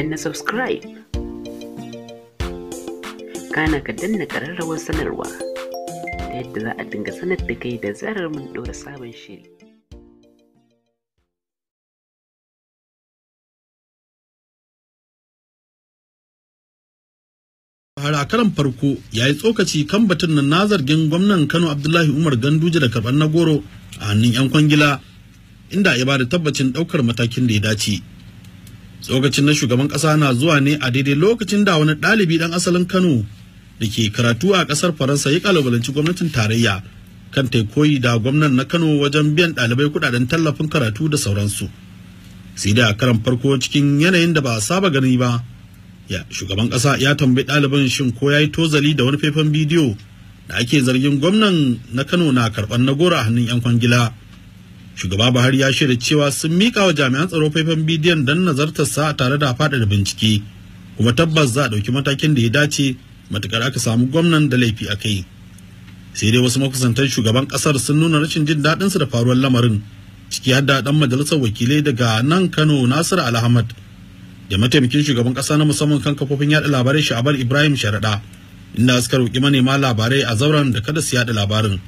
danna subscribe kana ka danna ƙararrawar sanarwa ta yadda za a dinga sanar da kai da zarar mun ɗora sabon shiri a karan farko ya yi tsokaci kan batun nan na zargin gwamnan kano abdullahi umar ganduje da karɓar na goro a hannun 'yan kwangila inda ya ba da tabbacin ɗaukar matakin da ya dace tsokacin na shugaban ƙasa na zuwa ne a daidai lokacin da wani ɗalibi dan asalin kano da ke karatu a ƙasar faransa ya ƙalubalanci gwamnatin tarayya kan taikoyi da gwamnan na kano wajen biyan ɗalibai kuɗaɗen tallafin karatu da sauransu sai da karan farko cikin yanayin da ba a saba gani ba ya shugaban ƙasa ya tambayi ɗaliban shin ko ya yi tozali da wani faifan bidiyo da ake zargin gwamnan na kano na karɓar na gora a hannun 'yan kwangila shugaba buhari ya shirya cewa sun mika wa jami'an tsaro faifan bidiyon don nazartarsa tare da faɗaɗa bincike kuma tabbas za a ɗauki matakin da ya dace matukar aka samu gwamnan da laifi a kai sai dai wasu makusantan shugaban ƙasar sun nuna rashin jin daɗinsu da faruwar lamarin ciki har da ɗan majalisar wakilai daga nan kano nasiru alhamad da mataimakin shugaban ƙasa na musamman kan kafofin yaɗa labarai sha'abar ibrahim sharaɗa inda suka roƙi manema labarai a zauren da kada su yaɗa labarin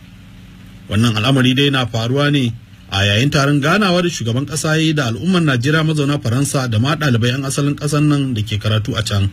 wannan al'amari dai na faruwa ne a yayin taron ganawa da shugaban ƙasa da al'ummar najeriya mazauna faransa da ma ɗalibai 'yan asalin ƙasar nan da ke karatu a can